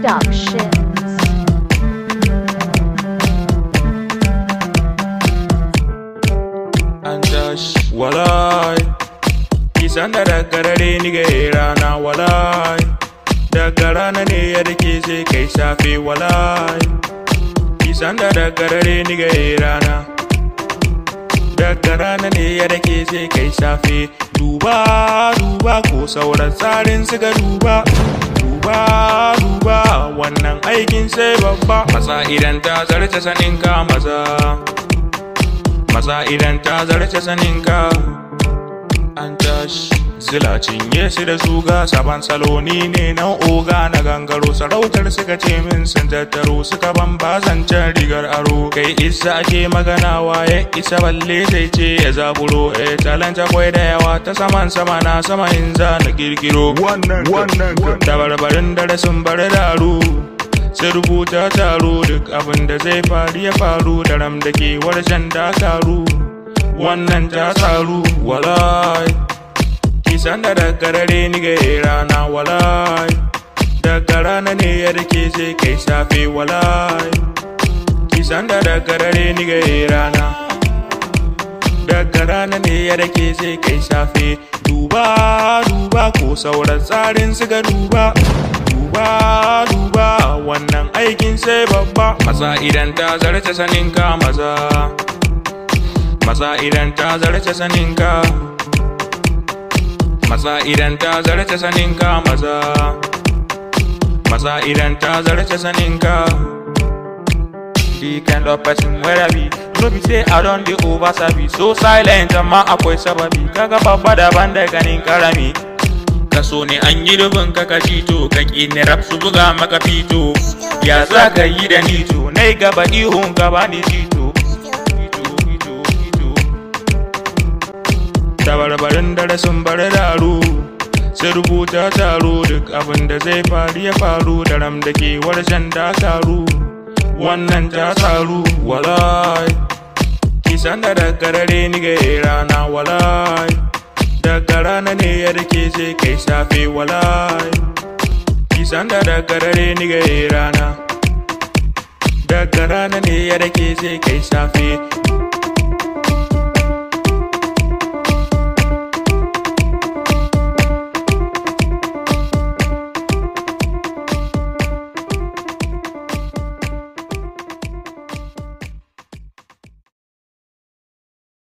Productions walai kisan da dagarare ni ga rana walai daga rana ne ya dake sai kai safe walai kisan da dagarare ni ga rana daga rana ne ya dake sai kai safe duba duba ko sauran tsarin su suka duba duba duba wannan aikin sai babba masa idan ta zarce saninka maza masa idan ta zarce saninka an tashi Sila cinye su da suga sabon salo ne nan oga na gangaro sarautar suka ce min sun tattaro suka ban rigar aro kai isa ake magana waye isa balle sai ce ya zaburo e eh, talanta kwai da yawa ta saman sama na sama in za na girgiro. wannan wannan tabarbarin dare sun da aro sai rubuta taro duk abin da zai faru ya faru da ram da ke warshen ta taru wannan ta taru, walai sanda da karare ni ga rana walai daga rana ne ya dake kai safe walai ki sanda da karare ni ga rana daga rana ne ya dake kai safe duba duba ko sauran tsarin su ga duba duba duba wannan aikin sai babba maza idan ta zarce saninka maza maza idan ta zarce saninka maza idan ta sanin ka maza maza idan ta zarce saninka the kind of person where I be no be say I don dey over sabi so silent amma akwai sababi kaga babba daban da ganin karami kaso ne an yi rubin ka kashi to ka ne rap su buga maka fito ya za ka yi da nito nai gaba ihun gaba ni tabarbarin dare sun bar daru Sai rubuta taro duk abin da zai faru ya faru da ram da ke warshen ta taru wannan ta taru walai kisan da dakarare ni ga rana walai daga rana ne ya rike ce kai safe walai kisan da dakarare ni ga rana daga rana ne ya rike ce kai safe